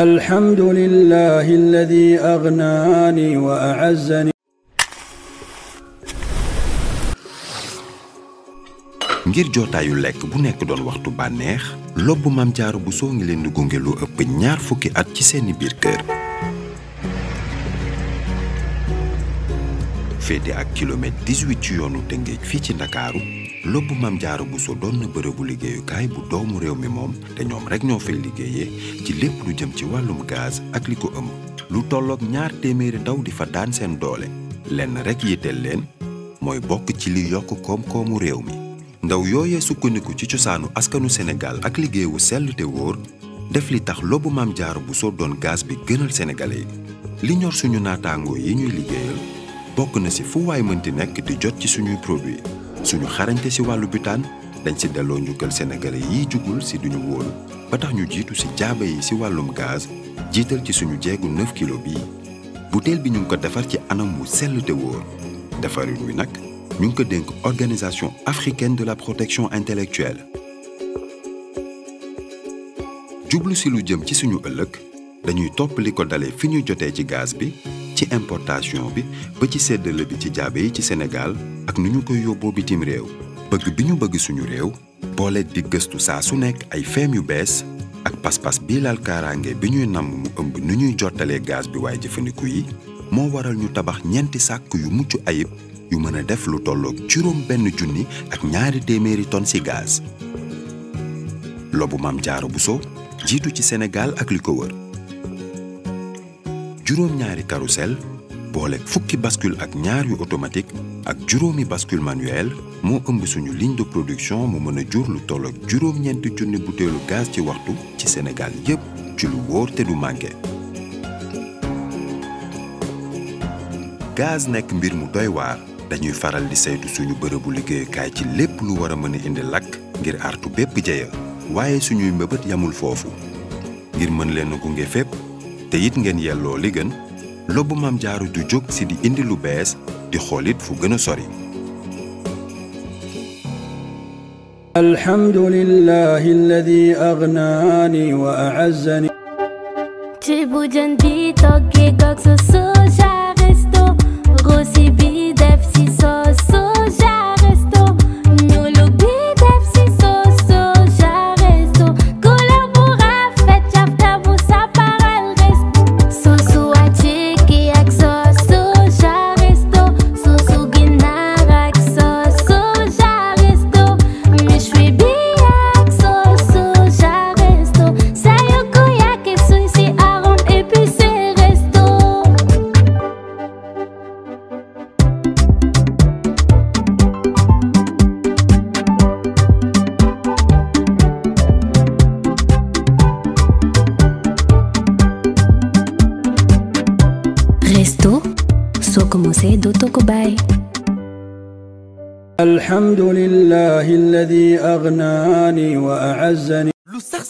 الحمد لله الذي أغناني وأعزني ngir jotaayu lekk bu nekk doon waxtu bànneex lobb Maam bu Buso ngi leen di gunge lu ëpp ñaar fukki at ci seeni biir kër féete ak kilomètre ci yoonu Tëngéej fii ci Ndakaaru lobbu maam jaaro buso doon na bërëbu liggéeyukaay bu doomu réew mi moom te ñoom rek ñoo fay liggéeyee ci lépp lu jëm ci wàllum gaz ak li ko ëmb lu tollook ñaar téeméeri ndaw di fa daan seen doole lenn rek yitteel leen mooy bokk ci li yokk koom-koomu réew mi ndaw yooyee sukkandiku ci cosaanu askanu Sénégal ak liggéey wu sell te wóor def li tax lobbu maam jaaro buso doon gaz bi gënal sénégalais li ñor suñu naataangoo yi ñuy liggéeyal bokk na si fu waay mënti nekk di jot ci suñuy produit suñu xarañte si wàllu butaan dañ si delloo njukkal sénégalais yiy jugul si duñu wóolu ba tax ñu jiitu si jaaba yi si wàllum gaz jiital ci suñu jeegu 9 kilo bii butéel bi ñu ngi ko defar ci anam wu sell te wóor defarin wi nag ñu ngi ko dénk organisation africaine de la protection intellectuelle jublu si lu jëm ci suñu ëllëg dañuy topp li fi ñu jotee ci gaz bi ci importation bi ba ci séddale bi ci jaabe yi ci Sénégal ak nu ñu koy yóbboo bitim réew bëgg bi ñu bëgg suñu réew boole di gëstu saa su nekk ay feem yu bees ak pas-pas bii laal kaaraange bi ñuy namm mu ëmb nu ñuy jottalee gaz bi waaye jëfandiku yi moo waral ñu tabax ñeenti sàkk yu mucc ayib yu mën a def lu tolloog juróom benn junni ak ñaari téeméeri ton ci gaz lobu jaaro bu Buso jiitu ci Sénégal ak li ko wër juróom-ñaari carrousel boole fukki baskul ak ñaar yu automatique ak juróomi bascule manuel moo ëmb suñu ligne de production mu mën a jur lu toll ak juróom-ñeenti junni butéelu gaz ci waxtu ci senegal yépp ci lu wóor te du manqué. gaz nekk mbir mu doy waar dañuy faral di saytu suñu bërëbu liggéeyukaay ci lépp lu war a mën a indi lakk ngir artu bépp jeya waaye suñuy mbëbët yamul foofu ngir mën leen a gunge fépp. te it ngeen yelloo li gën lobbu maam jaaru du jóg si di indi lu bees di xoolit fu gën a sori. alhamdulillahi alladi agnaani wa a'azzani. أغناني وأعزني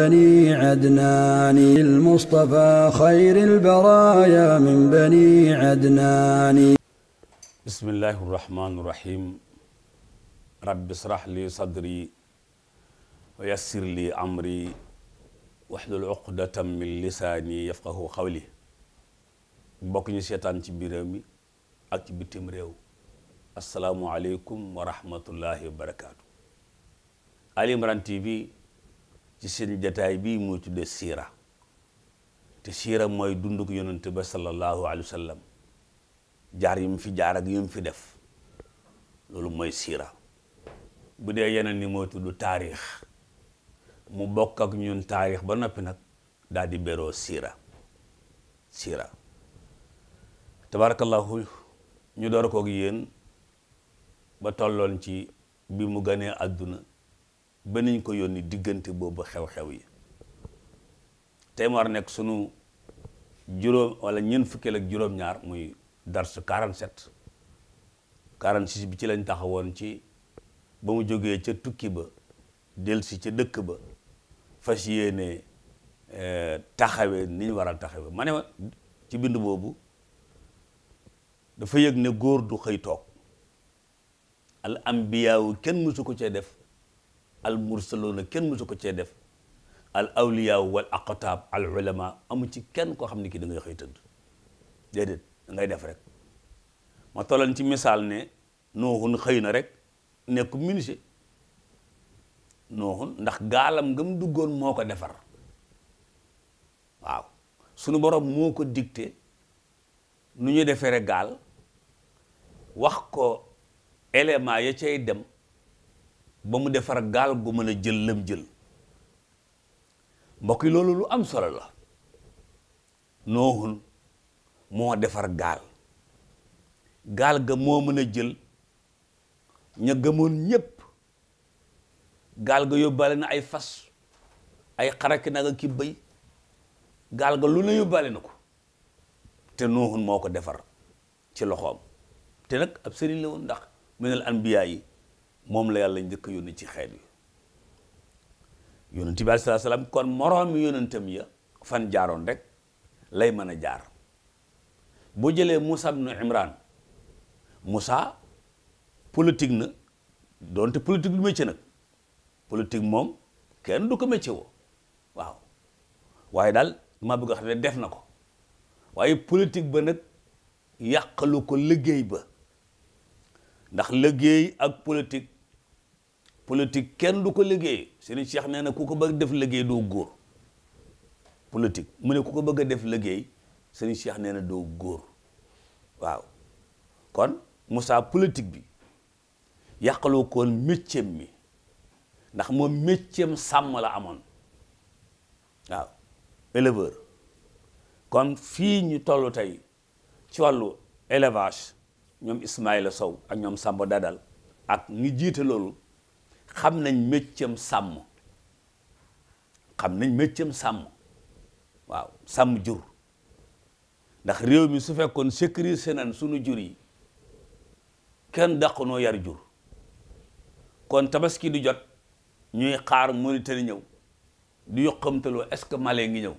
بني عدنان المصطفى خير البرايا من بني عدنان بسم الله الرحمن الرحيم رب اشرح لي صدري ويسر لي أمري واحلل عقدة من لساني يفقه قولي mbokk ñu seetaan ci biir réew mi ak ci bitim réew asalaamualeykum wa rahmatullahi wa barakaatu Ali Imran TV ci seen jataay bii muy tudde siira te siira mooy dunduk yonent ba sallallahu alayhi wa jaar yi mu fi jaar ak yu mu fi def loolu mooy siira bu dee yeneen ni mooy tudd taarix mu bokk ak ñun taarix ba noppi nag daal di beroo siira siira tabarakallahu ñu door koog yéen ba tolloon ci bi mu gënee àdduna ba niñ ko yónni diggante boobu xew-xew yi tey mu war nekk sunu juróom wala ñeent fukkeel ak juróom-ñaar muy darsu 47 46 bi ci lañ taxawoon ci ba mu jógee ca tukki ba delsi ca dëkk ba fas yéene eh, taxawee ni war a taxawee ma ci bind boobu dafa yëg ne góor du xëy toog al ambiyaa kenn mësu ko cee def al mursaloona kenn mësu ko cee def al awliyaa wal aqtaab al ulama amu ci kenn koo xam ne kii da ngay xëy tëdd déedéet def rek ma tollan ci misaal ne nooxun xëy na rek nekk menuisier nooxun ndax gaalam ngam duggoon moo ko defar waaw sunu borom moo ko dicté nu ñu defere gaal wax ko élément ya cay dem ba mu defar gaal gu mën a jël lam jël mbokk yi loolu lu am solo la noohun moo defar gaal gaal ga moo mën a jël ña gëmoon ñépp gaal ga yóbbaale na ay fas ay xaraki naga ki bay gaal ga lu ne yóbbaale na ko te noohun moo ko defar ci loxoom te nag ab sëriñ la woon ndax minal anbiya yi moom la yàlla njëkk a yónni ci xeet yi yónnent bi aleyhi salaatu salaam kon moroomi yónnentam ya fan jaaroon rek lay mën a jaar boo jëlee Moussa ibn Imran Moussa politique na doonte politique du métier nag politique moom kenn du ko métier woo waaw waaye daal maa bëgg a xam ne def na ko waaye politik ba nag yàqalu ko liggéey ba ndax liggéey ak politik politique kenn du ko liggéey Serigne Cheikh nee na ku ko bëgg def liggéey doo góor politique mu ne ku ko bëgg a def liggéey Serigne Cheikh nee na doo góor waaw kon Moussa politique bi yàqaloo koon métier mi ndax moom métier sàmm la amoon waaw éleveur kon fii ñu toll tey ci wàllu élevage ñoom Ismaïla Sow ak ñoom Samba Dadal ak ñi jiite loolu xam nañ méccam sàmm xam nañ méccam sàmm waaw sàmm jur ndax réew mi su fekkoon sécuriser nañ sunu jur yi kenn dàq noo yar jur kon tabaski du jot ñuy xaar Mauritanie ñëw du yokkamtaloo est-ce que Mali ngi ñëw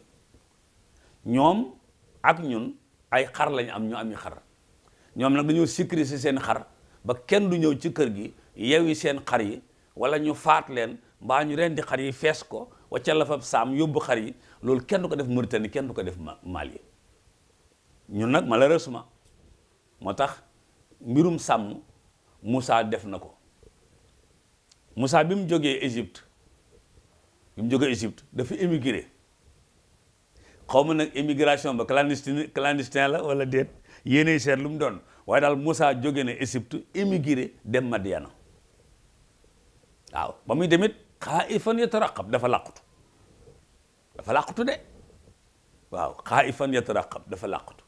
ñoom ak ñun ay xar lañ am ñu am i xar ñoom nag dañoo sécuriser seen xar ba kenn du ñëw ci kër gi yewi seen xar yi wala ñu faat leen mbaa ñu rendi xar yi fees ko wacca la fa saam yóbbu xar yi loolu kenn du ko def Mauritanie kenn du ko def ma Mali ñun nag malheureusement moo tax mbirum sàmm Moussa def na ko Moussa bi mu jógee Égypte bi mu jógee Égypte dafa émigré xaw ma nag émigration ba clandestin clandistin la wala déet yéenay seet lu mu doon waaye daal Moussa jóge na Égypte émigré dem Madiana waaw ba muy demit xaaifan yataraqab dafa làqutu dafa làqutu de waaw xaaifan yataraqab dafa làqutu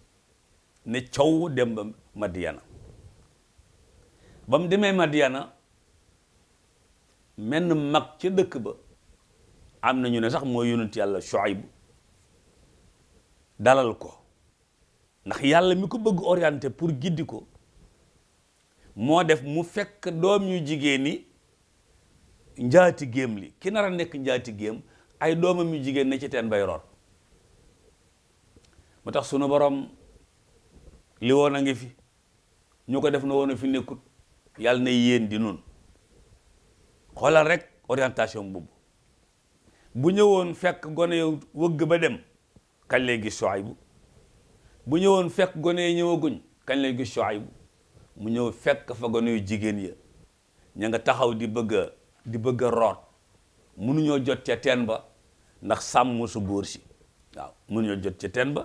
ne coow dem ba Madiyana ba mu demee Madiyana menn mag ca dëkk ba am na ñu ne sax mooy yonent yàlla Shuayb dalal ko ndax yàlla mi ko bëgg orienté pour giddi ko moo def mu fekk doom yu jigéen ñi njaati géem li ki nar a nekk njaati géem ay doomam yu jigéen ne ci teen bay root mu tax sunu boroom li woon a ngi fi ñu ko def na woon fi nekkut yàlla na yéen di nun xoolal rek orientation boobu bu ñëwoon fekk gone yow wëgg ba dem kañ lay gis Shuaybu bu ñëwoon fekk gone yi ñëwaguñ kañ lay gis Shuaybu mu ñëw fekk fa gone yu jigéen ya ña nga taxaw di bëgg di bëgg a root mënuñoo jot ca teen ba ndax sàmm su góor si waaw mënuñoo jot ca teen ba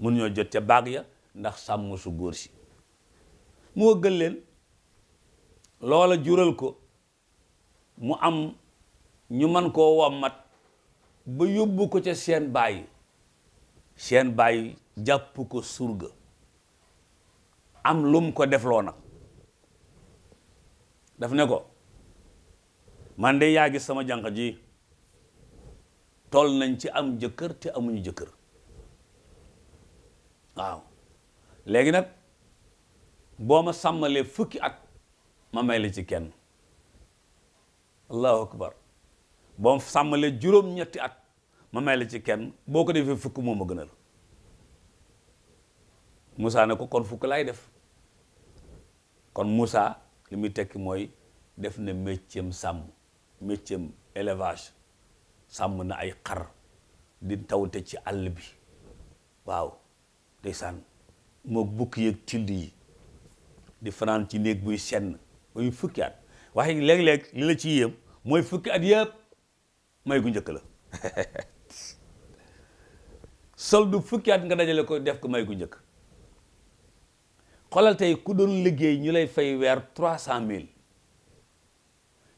mënuñoo jot ca baag ya ndax sàmm su góor si moo wëggal leen loola jural ko mu am ñu man koo wammat ba yóbbu ko ca seen bàyyi seen bàyyi jàpp ko surga am lum ko defloo nag daf ne ko man de yaa gis sama jànq ji toll nañ ci am jëkkër te amuñu jëkkër waaw léegi nag boo ma sàmmalee fukki at ma may la ci kenn allahu akbar boo sàmmalee juróom-ñetti at ma may la ci kenn boo ko defee fukk moo ma gënal Moussa ne ko kon fukk laay def kon Moussa li muy tekki mooy def na méccam sàmm métier am élevage sàmm na ay xar di tawte ci àll bi waaw ndeysaan moo bukk yeeg tild yi di fanaan ci néeg buy senn ba muy fukki at waaye léeg-léeg li la ci mooy fukki at yëpp may gu njëkk la soldu fukki at nga dajale ko def ko may gu njëkk xoolal tey ku doon liggéey ñu lay fay weer trois cent mille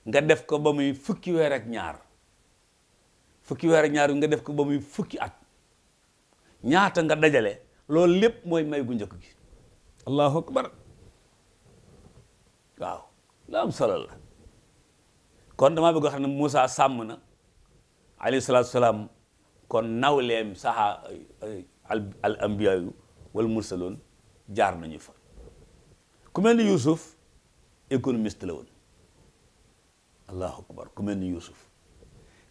nga def ko ba muy fukki weer ak ñaar fukki weer ak ñaar nga def ko ba muy fukki at ñaata nga dajale loolu lépp mooy may gu njëkk gi allahu akbar waaw la am solo la kon damaa bëgg xam ne Moussa sàmm na alayhi salaatu salaam kon nawleem saxa al ambiyaayu wal mursaloon jaar nañu fa ku mel ni Yuusuf économiste la woon allahu akbar ku mel ni Youssouf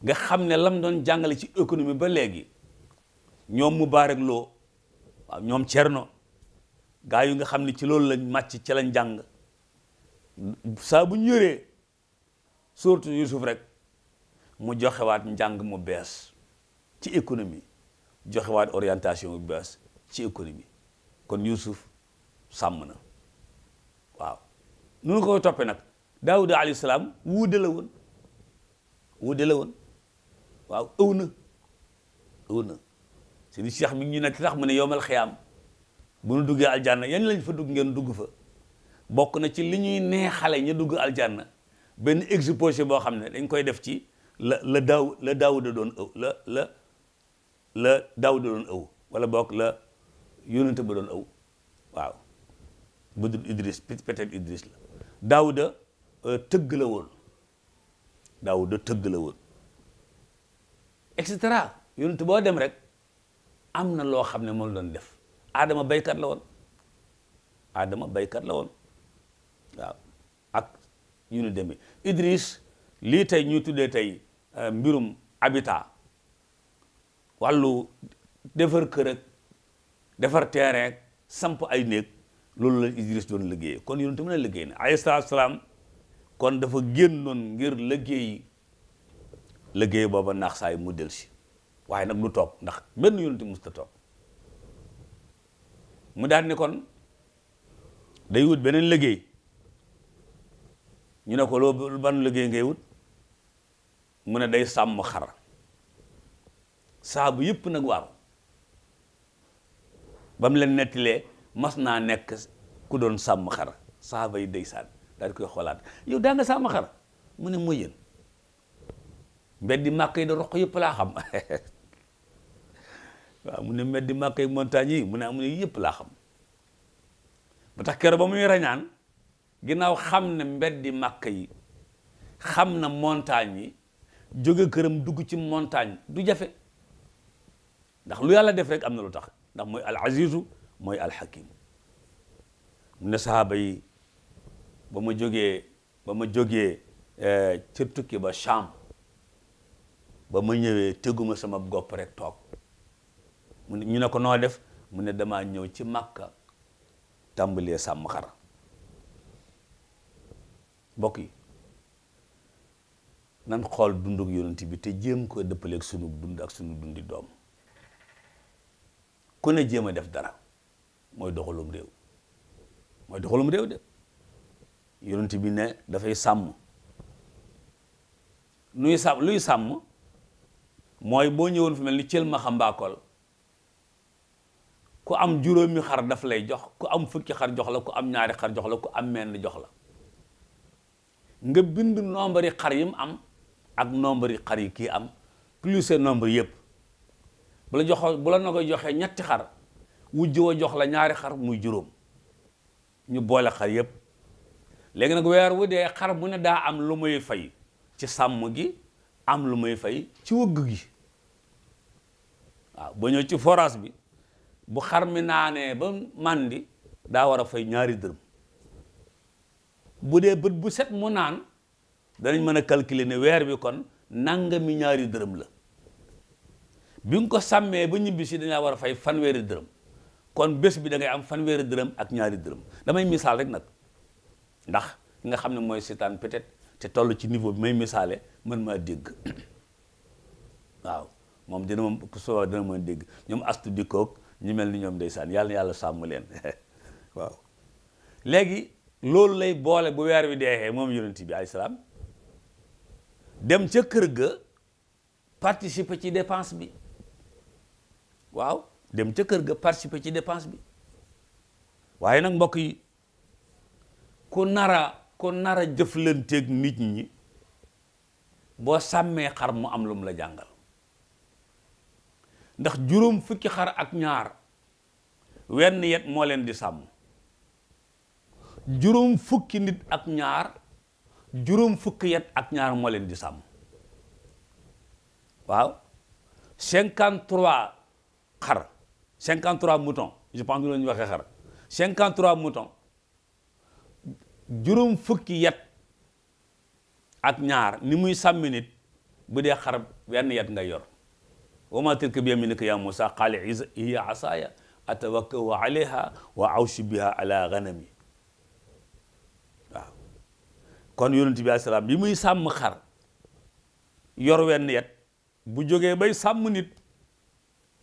nga xam ne lam doon jàngale ci économie ba léegi ñoom Moubarak loo waaw ñoom no gaa yu nga xam ni ci loolu lañ màcc ci lañ jàng saa bu ñu yoree surtout Youssouf rek mu joxewaat njàng mu bees ci économie joxewaat orientation mu bees ci économie kon Youssouf sàmm na waaw nu nu ko toppee nag daawuda alayhi salaam la woon wuude la woon waaw ëw na ëw na seen cheikh mi ngi ñu nekk tax mu ne yowmal xiyaam bu nu duggee aljanna yan lañ fa dugg ngeen dugg fa bokk na ci li ñuy neexale ñu dugg aljanna benn exposé boo xam ne dañ koy def ci la la daaw la daawuda doon ëw la la la daawuda doon ëw wala bokk la yónente ba doon ëw waaw budul Idris peut Idris la daawuda Euh, tëgg la woon daawuda tëgg la woon et cetera yonent boo dem rek am na loo xam ne moom doon def aadama baykat la woon aadama baykat la woon waaw ak yu nu demee Idris lii tey ñuy tuddee tey euh, mbirum abita wàllu defar kër ak defar terrain ak samp ay néeg loolu la Idris doon liggéeyee kon yonent mën a liggéey na alayhi salaam kon dafa génnoon ngir liggéey liggéey booba naax saa mu del si waaye nag du toog ndax benn yonent musta toog mu daal ni day wut beneen liggéey ñu ne ko loo ban liggéey ngay wut mu ne day sàmm xar saabu yëpp nag waaw ba mu leen nettilee mas naa nekk ku doon sàmm xar saaba yi day sànni daal koy xoolaat yow daa nga sàmm xar mu ne mooy yéen mbeddi màkk yi da roq yëpp laa xam waaw mu ne mbeddi màkk yi montagne yi mu ne mu yëpp laa xam ba tax keroog ba muy rañaan ginnaaw xam ne mbeddi màkk yi xam na montagne yi jóge këram dugg ci montagne du jafe ndax lu yàlla def rek am na lu tax ndax mooy al azizu mooy al hakim mu ne sahaaba ba ma jógee ba ma jógee eh, ca tukki ba Sham ba ma ñëwee teguma sama gopp rek toog mu ne ñu ne ko noo def mu ne damaa ñëw ci Makka tàmbalee sàmm xar mbokk yi nan xool dunduk yonent bi te jéem ko dëppaleeg sunu dund ak sunu dundi doom ku ne jéem a def dara mooy doxalum réew mooy doxalum réew de yonent bi ne dafay sàmm nuy sàmm luy sàmm mooy boo ñëwoon fi mel ni cël ma mbaakool ku am juróomi xar daf lay jox ku am fukki xar jox la ku am ñaari xar jox la ku am menn jox la nga bind nombre yi xar yi mu am ak nombre yi xar yi kii am plus seen nombre yëpp bu la joxo bu la na koy joxee ñetti xar wujj wa jox la ñaari xar muy juróom ñu boole xar yëpp léegi nag weer wu dee xar mu ne daa am lu muy fay ci sàmm gi am lu muy fay ci wëgg gi waaw ba ñëw ci forage bi bu xar mi naanee ba màndi daa war a fay ñaari dërëm bu dee bët bu set mu naan danañ mën a ne weer bi kon nangami ñaari dërëm la bi ko sàmmee ba ñibbi si dañaa war a fay fanweeri dërëm kon bés bi da ngay am fanweeri dërëm ak ñaari dërëm damay misaal rek nag ndax ki nga xam ne mooy seetaan peut-être te toll ci niveau bi may misaale mën maa dégg waaw moom dina moom soo dina mën dégg ñoom astu di ñu mel ni ñoom day ndeysaan yàlla yàlla sàmm leen waaw léegi loolu lay boole bu weer wi deexee moom yonent bi alayhi salaam dem ca kër ga participer ci dépense bi waaw dem ca kër ga participer ci dépense bi waaye nag mbokk yi ku nara ku nara jëflanteeg nit ñi boo sàmmee xar mu am lu la jàngal ndax juróom fukki xar ak ñaar wenn yet moo leen di sàmm juróom fukki nit ak ñaar juróom fukki yet ak ñaar moo di sàmm waaw cinquante trois xar cinquante trois mouton je pense que la waxee xar cinquante trois mouton juróom fukki yat ak ñaar ni muy sàmmi nit bu dee xar wenn yat nga yor wa ma tilka bi yaminika ya Musa qaala hiya asaaya atawakkau alayha wa awshu biha ala ganami waaw kon yonent bi alayhi salaam bi muy sàmm xar yor wenn yet bu jógee bay sàmm nit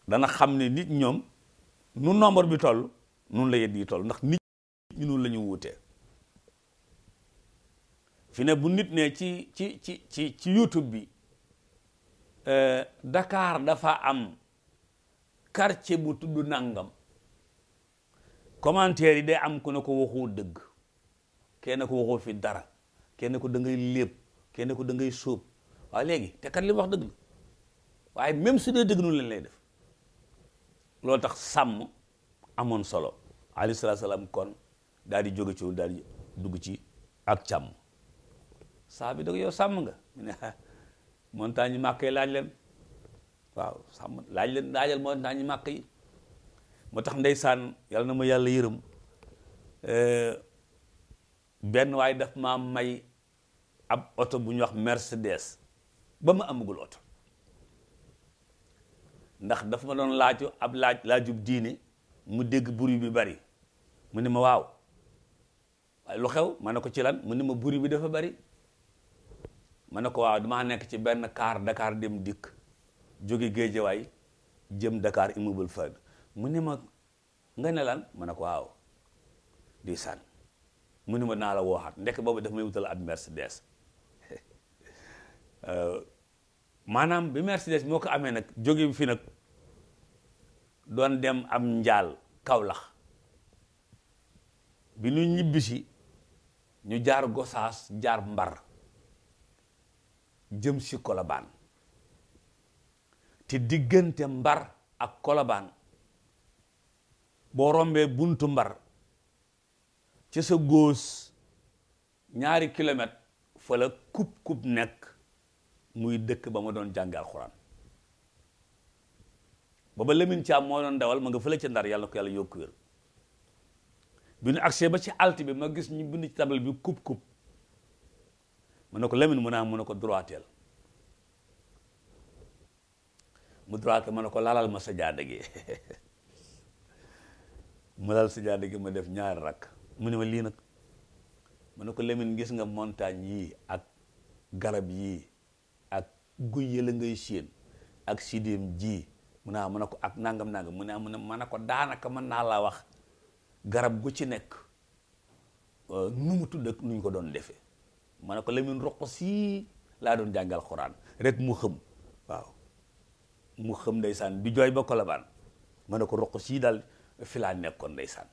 dana xam ne nit ñoom nu nombre bi toll nun la yet yi ndax nit ñu nun la ñu fi ne bu nit ne ci ci ci ci ci YouTube bi euh, dakaar dafa am quartier bu tudd nangam commentaire yi day am ku ne ko waxoo dëgg kenn ko waxoo fi dara kenn ko da ngay léeb kenn ko da ngay sóob léegi te li wax dëgg waaye même su dee dëgg nu leen lay def loolu tax sàmm amoon solo alayhi salaam kon daal di jóge ci daal di dugg ci ak càmm saa bi da yow sàmm nga mu ne ah, montagne màkk yi laaj leen waaw sàmm laaj leen laajal montagne yi màkk yi moo tax ndeysaan yàlla na ma yàlla yërëm benn waay daf maa may ab oto bu ñuy wax Mercedes ba mu amagul oto ndax daf ma doon laaju ab laaj laajub diine mu dégg bruit bi bari mu ne ma waaw waaye lu xew ma ne ko ci lan mu ne ma bruit bi dafa bari ma ne ko waaw damaa nekk ci benn kaar Dakar dem dikk jóge géejawaay jëm Dakar immeuble fad mu ne mag nga ne lan ma ne ko waaw di san mu ne ma naa la wooxaat ndekk boobu dafa may wutal ab Mercedes euh, maanaam bi Mercedes moo ko amee nag jóge fii nag doon dem am njaal Kawlax bi ñu ñibbisi ñu jaar Gosaas jaar Mbar jëm si kolobaan ti diggante mbar ak kolobaan boo rombee buntu mbar ci sa góos ñaari kilomètre fa la kub-kub nekk muy dëkk ba ma doon jànge alxuraan booba Lamine Thiam moo doon dawal ma nga fële ca ndar yàlla na ko yàlla yokku wér bi ñu agsee ba ci alt bi ma gis ñu bind ci tabal bi kub-kub mu ne ko Lamine mu ne am mu ko droiteel mu droite mu ko lalal ma sa jaada gi mu ma def ñaari rakk mu ne ma lii nag mu ne ko Lamine gis nga montagne yii ak garab yii ak guy yële ngay séen ak sidéem ji mu ne ah mu ne ko ak nangam nangam mu ne ah mu ne ma ko daanaka mën naa laa wax garab gu ci nekk euh, nu mu tudd ak nu ñu ko doon defee. ma ne ko Lamine roq sii laa doon jàngal xuraan rek mu xëm waaw mu xëm ndeysaan di jooy ba kolabaan ma ne ko roq sii daal fi laa nekkoon ndeysaan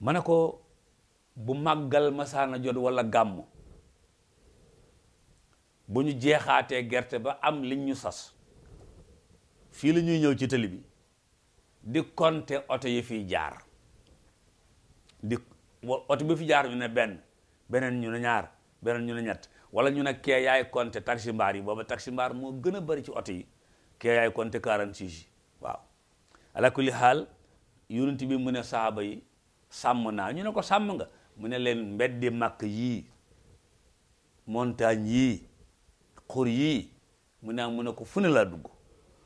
ma ne ko bu màggal masaana jot wala gàmmu bu ñu jeexaatee gerte ba am liñ ñu sas fii la ñuy ñëw ci tëli bi di compter oto yi fi jaar di oto bi fi jaar ñu ne benn beneen ñu ne ñaar beneen ñu ne ñett wala ñu ne kee yaay compté taxi mbaar yi booba taxi mbaar moo gën a bari ci oto yi kee yaay compté 46 yi waaw ala kulli xaal yonent bi mu ne saaba yi sàmm naa ñu ne ko sàmm nga mu ne leen mbeddi màkk yii montagne yii xur yii mu ne mu ne ko fu ne laa dugg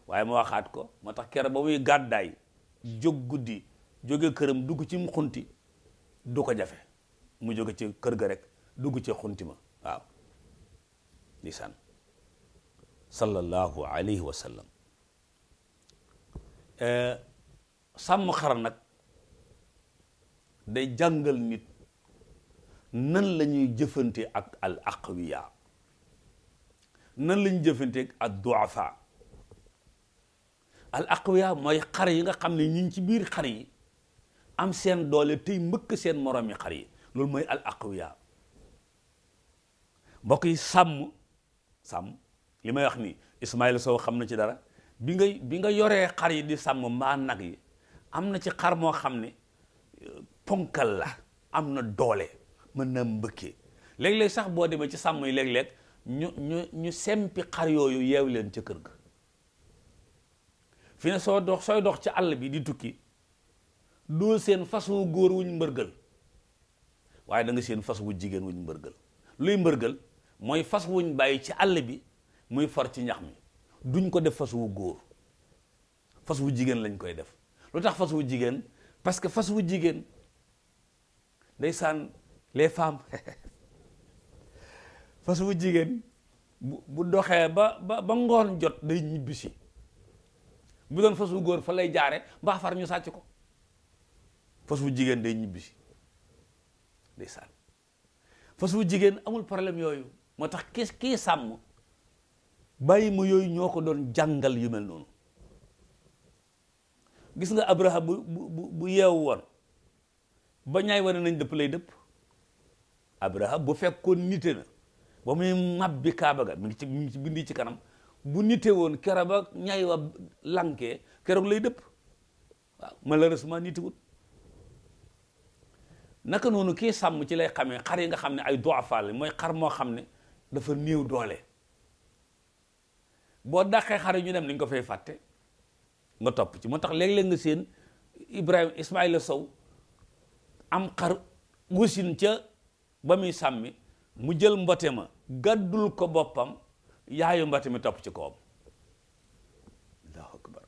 waaye ma waxaat ko moo tax kere ba muy gàddaay jóg guddi jóge këram dugg ci mu xunti du ko jafe mu jóge ci kër ga rek dugg ci xunti ma waaw lisaan sallallahu alayhi eh, xar nag day jàngal nit nan la ñuy jëfante ak al aqwiya nan la ñuy jëfante ak ad duafa al aqwiya mooy xar yi nga xam ne ñi ngi ci biir xar yi am seen doole tey mbëkk seen moroomi xar yi loolu mooy al aqwiya mbokk yi sàmm sàmm li may wax nii Ismaïla soow xam na ci dara bi nga bi nga yoree xar yi di sàmm mbaa nag yi am na ci xar moo xam ne ponkal la am na doole mën na mbëkkee léeg-léeg sax boo demee ci sàmm yi léeg-léeg ñu ñu ñu sempi xar yooyu yeew leen ca kër gi fi ne soo dox sooy dox ci àll bi di tukki doo seen façon góor wuñ mbërgal waaye da nga seen fas wu jigéen wuñ mbërgël luy mbërgël mooy fas wuñ bàyyi ci àll bi muy far ci ñax mi duñ ko def fas wu góor fas wu jigéen lañ koy def lu tax fas jigéen parce que fas wu jigéen ndeysaan les femmes fas wu jigéen bu doxee ba ba ba ngoon jot day ñibbisi bu doon fas wu góor fa lay jaare mbaa far ñu sàcc ko fas wu jigéen day ñibbisi ndeysaan fas jigéen amul problème yooyu moo tax kii kii sàmm bàyyi ma yooyu ñoo ko doon jàngal yu mel noonu gis nga abraham bu yeewu woon ba ñaay wane nañ dëpp lay dëpp abraham bu fekkoon nite na ba muy mabbi kaaba ga mi ngi ci mi ci bindi ci kanam bu nite woon kera ba keroog lay dëpp waaw ma nitewut naka noonu kii sàmm ci lay xamee xar yi nga xam ne ay doafa la mooy xar moo xam ne dafa néew doole boo daqee xar yi ñu dem nañ ko fay fàtte nga topp ci moo tax léeg-léeg nga seen Ibrahima Ismaïla Sow am xar wusin ca ba muy sàmmi mu jël mbote ma gàddul ko boppam yaayu mbote mi topp ci kawam allahu akbar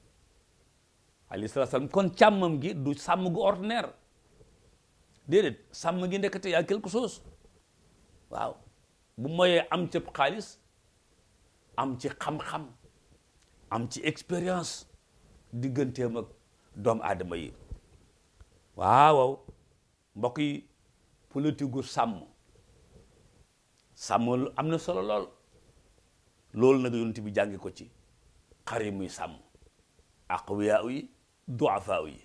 alayhi salaam kon càmmam gi du sàmm gu ordinaire déedéet sàmm gi ndekete yaa quelque chose waaw bu moyee am ci xaalis am ci xam-xam am ci expérience digganteem ak doomu aadama yi waaw mbokk yi politique gu sàmm sàmm am na solo lool loolu nag yonent bi jàngi ko ci xar yi muy sàmm aqwiyaa yi duafaa yi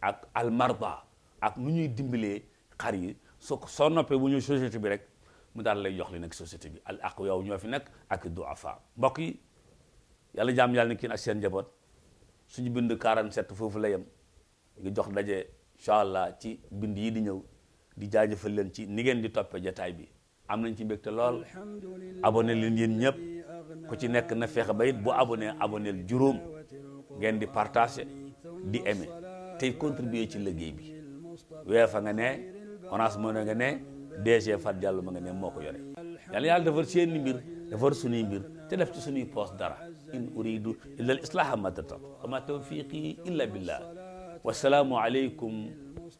ak almarda ak nu ñuy dimbalee xar yi soo soo noppee bu ñu société bi rek mu daal lay jox li nekk société bi al ak yow ñoo fi nekk ak du afa mbokk yi yàlla jaam yàlla ni kiin ak seen njaboot suñu bind 47 foofu la yem ngi jox daje incha allah ci bind yi di ñëw di jaajëfal leen ci ni ngeen di toppee jataay bi am nañ ci mbégte lool abonné leen yéen ñëpp ku ci nekk na fexe ba it bu abonné abonné juróom ngeen di partagé di aimé tey contribuer ci liggéey bi weefa nga ne orange moo nga ne DG Fat Diallo ma nga ne moo ko yore yàlla yàlla defar seeni mbir defar suñuy mbir te def ci suñuy poos dara in uridu illa al islaha matata wa ma tawfiqi illa billah wasalaamu aleykum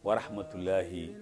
wa rahmatullahi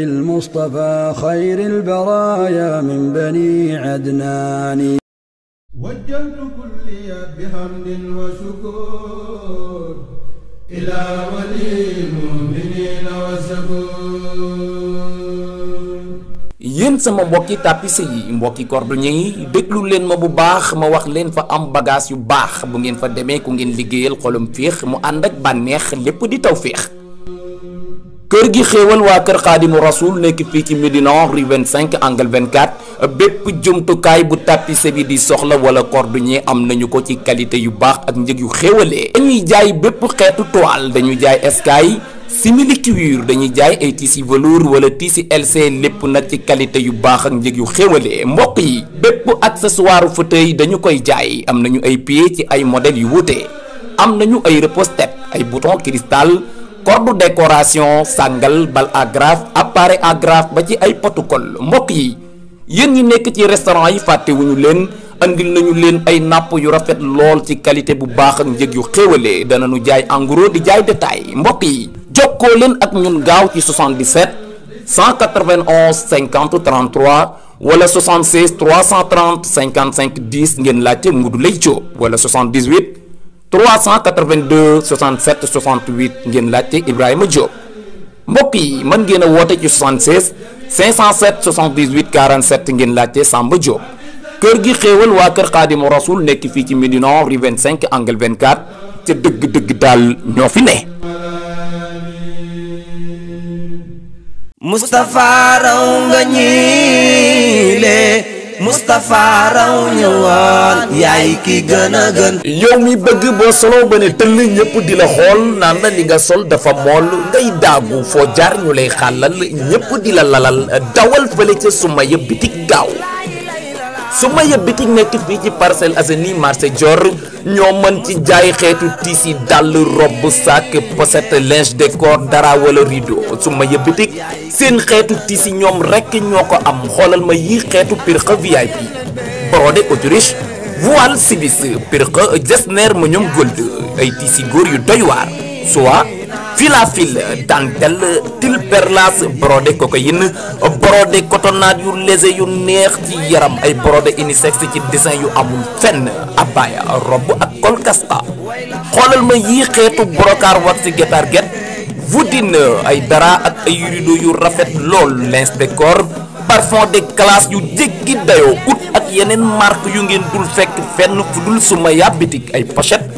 المصطفى خير البرايا من بني عدنان sama mbokki tapissier yi mbokki cordonnier yi déglu leen ma bu baax ma wax leen fa am bagage yu baax bu ngeen fa demee ku ngeen liggéeyal xolum féex mu ànd ak bànneex lépp di taw kër gi xéewal waa kër xaadimu rasul nekk fii ci Médina rue 25 angle 24 bépp jumtukaay bu tapissier bi di soxla wala cordonnier am nañu ko ci qualité yu baax ak njëg yu xéewalee dañuy jaay bépp xeetu toile dañuy jaay eskay simili cuir dañuy jaay ay tissu velours wala tissu LC lépp nag ci qualité yu baax ak njëg yu xéwalee mbokk yi bépp accessoire fauteuil dañu koy jaay am nañu ay pie ci ay modèles yu wuute am nañu ay repose ay bouton cristal corde décoration sàngal bal agrafe appareil agrafe ba ci ay protocole mbokk yi yéen ñi nekk ci restaurant yi fàttewuñu leen andil nañu leen ay napp yu rafet lool ci qualité bu baax ak njëg yu xéwalee ñu jaay en di jaay détail mbokk yi jokkoo leen ak ñun gaaw ci 77 191 50 33 wala 76 330 55 10 ngeen laajte Ngoudu Lay Diop wala 78. 382 67 68 ngeen laajte Ibrahima Diop mbokk yi mën ngeen a woote ci 76 507 78 47 ngeen laajte Samba Diop kër gi xéewal waa kër Xaadimu Rasuul nekk fii ci Médina rue 25 angle 24 ca dëgg-dëgg daal ñoo fi ne. Moustapha raw nga ñiile. Moustapha raw ñëwal yaay ki gën a gën yow mi bëgg boo solo ba ne tëll ñëpp di la xool naan la nga sol dafa mool ngay daagu foo jaar ñu lay xàllal ñëpp di la lalal dawal fële ca suma yëpp bitik gaaw suma yëpp bitig nekk fii ci parcelle Assainies marché Dior ñoo mën ci jaay xeetu tissu dàll robe sac pochette linge de corps dara wala rideau su ma bitig seen xeetu tissu ñoom rekk ñoo ko am xoolal ma yii xeetu pirque VIP brodé autriche voile sivis pirque jesner ma ñoom gold ay tissu góor yu doy waar soit fil à fil dentelle til perlas brodé cocaïne brodé cotonnade yu léger yu neex ci yaram ay brodé unisex ci dessin yu amul fenn abaya robb ak kolkasta xoolal ma yii xeetu brocart wax ci guet-arrêt wudin ay dara ak ay rideau yu rafet lool l'inspecteur parfum de classe yu jéggi dayoo ut ak yeneen marque yu ngeen dul fekk fenn fu dul suma yàbbitik ay pochette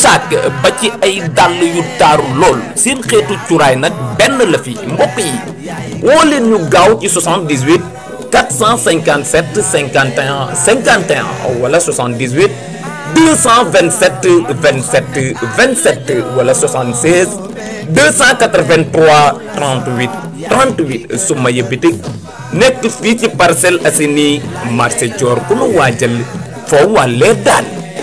sac ba ci ay dàll yu taaru lool seen xeetu cuuraay nag benn la fi mbokk yi woo leen ñu gaaw ci 78 457 51 51 wala 78 227 27 27 wala 76 283 38 38 Soumaye Bitik nekk fii ci Parcelles Assainies marché Dior ku nu waajal foo wàllee daal.